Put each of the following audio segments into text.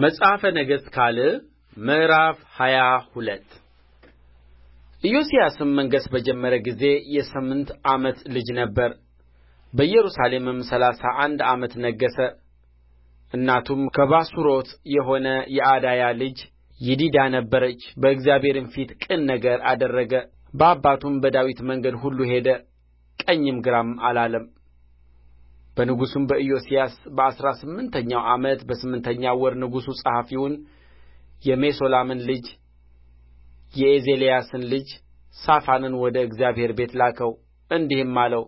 መጽሐፈ ነገሥት ካልዕ ምዕራፍ ሃያ ሁለት ኢዮስያስም መንገሥ በጀመረ ጊዜ የስምንት ዓመት ልጅ ነበረ። በኢየሩሳሌምም ሠላሳ አንድ ዓመት ነገሠ። እናቱም ከባሱሮት የሆነ የአዳያ ልጅ ይዲዳ ነበረች። በእግዚአብሔርም ፊት ቅን ነገር አደረገ። በአባቱም በዳዊት መንገድ ሁሉ ሄደ፣ ቀኝም ግራም አላለም። በንጉሡም በኢዮስያስ በአሥራ ስምንተኛው ዓመት በስምንተኛው ወር ንጉሡ ጸሐፊውን የሜሶላምን ልጅ የኤዜልያስን ልጅ ሳፋንን ወደ እግዚአብሔር ቤት ላከው፣ እንዲህም አለው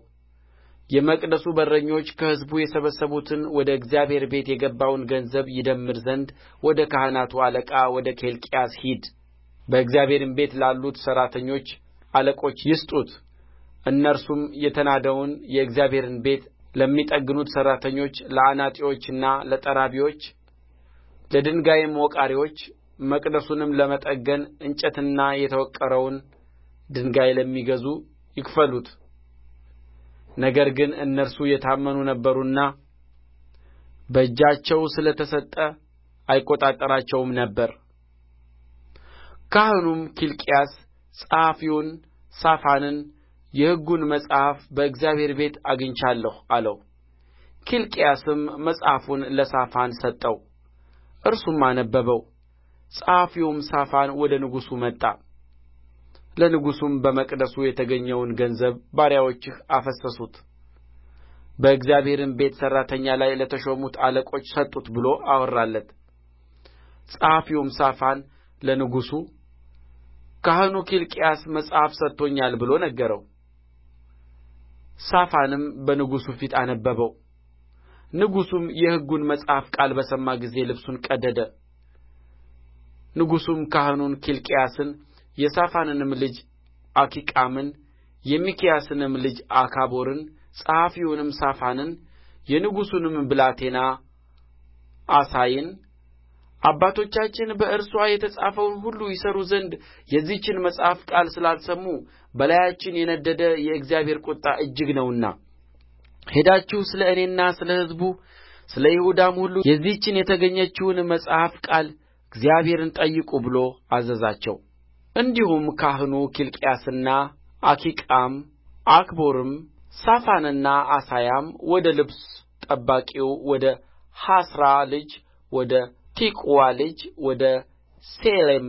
የመቅደሱ በረኞች ከሕዝቡ የሰበሰቡትን ወደ እግዚአብሔር ቤት የገባውን ገንዘብ ይደምር ዘንድ ወደ ካህናቱ አለቃ ወደ ኬልቅያስ ሂድ፣ በእግዚአብሔርም ቤት ላሉት ሠራተኞች አለቆች ይስጡት። እነርሱም የተናደውን የእግዚአብሔርን ቤት ለሚጠግኑት ሠራተኞች ለአናጢዎችና ለጠራቢዎች ለድንጋይም ወቃሪዎች መቅደሱንም ለመጠገን እንጨትንና የተወቀረውን ድንጋይ ለሚገዙ ይክፈሉት ነገር ግን እነርሱ የታመኑ ነበሩና በእጃቸው ስለ ተሰጠ አይቈጣጠራቸውም ነበር ካህኑም ኬልቅያስ ጸሐፊውን ሳፋንን የሕጉን መጽሐፍ በእግዚአብሔር ቤት አግኝቻለሁ አለው ኬልቅያስም መጽሐፉን ለሳፋን ሰጠው እርሱም አነበበው ጸሐፊውም ሳፋን ወደ ንጉሡ መጣ ለንጉሡም በመቅደሱ የተገኘውን ገንዘብ ባሪያዎችህ አፈሰሱት በእግዚአብሔርም ቤት ሠራተኛ ላይ ለተሾሙት አለቆች ሰጡት ብሎ አወራለት ጸሐፊውም ሳፋን ለንጉሡ ካህኑ ኬልቅያስ መጽሐፍ ሰጥቶኛል ብሎ ነገረው ሳፋንም በንጉሡ ፊት አነበበው ንጉሡም የሕጉን መጽሐፍ ቃል በሰማ ጊዜ ልብሱን ቀደደ ንጉሡም ካህኑን ኬልቅያስን የሳፋንንም ልጅ አኪቃምን የሚክያስንም ልጅ ዓክቦርን ጸሐፊውንም ሳፋንን የንጉሡንም ብላቴና ዓሳያን አባቶቻችን በእርስዋ የተጻፈውን ሁሉ ይሠሩ ዘንድ የዚህችን መጽሐፍ ቃል ስላልሰሙ በላያችን የነደደ የእግዚአብሔር ቍጣ እጅግ ነውና ሄዳችሁ ስለ እኔና ስለ ሕዝቡ ስለ ይሁዳም ሁሉ የዚህችን የተገኘችውን መጽሐፍ ቃል እግዚአብሔርን ጠይቁ ብሎ አዘዛቸው። እንዲሁም ካህኑ ኪልቅያስና አኪቃም አክቦርም ሳፋንና አሳያም ወደ ልብስ ጠባቂው ወደ ሐስራ ልጅ ወደ ቲቁዋ ልጅ ወደ ሴሌም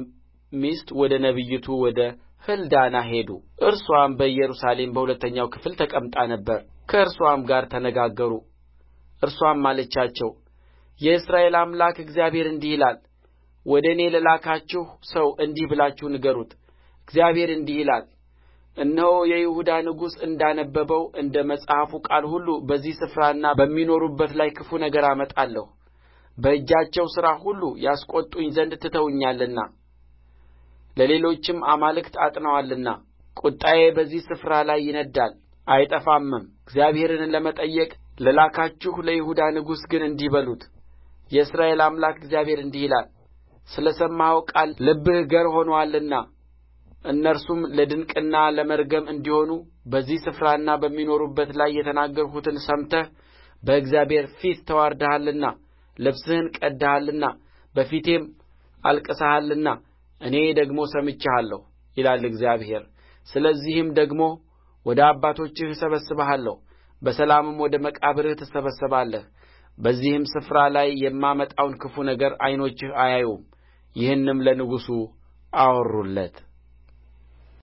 ሚስት ወደ ነቢይቱ ወደ ሕልዳና ሄዱ እርስዋም በኢየሩሳሌም በሁለተኛው ክፍል ተቀምጣ ነበር ከእርስዋም ጋር ተነጋገሩ እርስዋም አለቻቸው የእስራኤል አምላክ እግዚአብሔር እንዲህ ይላል ወደ እኔ ለላካችሁ ሰው እንዲህ ብላችሁ ንገሩት እግዚአብሔር እንዲህ ይላል እነሆ የይሁዳ ንጉሥ እንዳነበበው እንደ መጽሐፉ ቃል ሁሉ በዚህ ስፍራና በሚኖሩበት ላይ ክፉ ነገር አመጣለሁ በእጃቸው ሥራ ሁሉ ያስቈጡኝ ዘንድ ትተውኛልና ለሌሎችም አማልክት ዐጥነዋልና ቍጣዬ በዚህ ስፍራ ላይ ይነድዳል አይጠፋምም እግዚአብሔርን ለመጠየቅ ለላካችሁ ለይሁዳ ንጉሥ ግን እንዲህ በሉት የእስራኤል አምላክ እግዚአብሔር እንዲህ ይላል ስለ ሰማኸው ቃል ልብህ ገር ሆኖአልና እነርሱም ለድንቅና ለመርገም እንዲሆኑ በዚህ ስፍራና በሚኖሩበት ላይ የተናገርሁትን ሰምተህ በእግዚአብሔር ፊት ተዋርደሃልና ልብስህን ቀድደሃልና በፊቴም አልቅሰሃልና እኔ ደግሞ ሰምቼሃለሁ ይላል እግዚአብሔር ስለዚህም ደግሞ ወደ አባቶችህ እሰበስብሃለሁ በሰላምም ወደ መቃብርህ ትሰበሰባለህ በዚህም ስፍራ ላይ የማመጣውን ክፉ ነገር ዓይኖችህ አያዩም ይህንም ለንጉሡ አወሩለት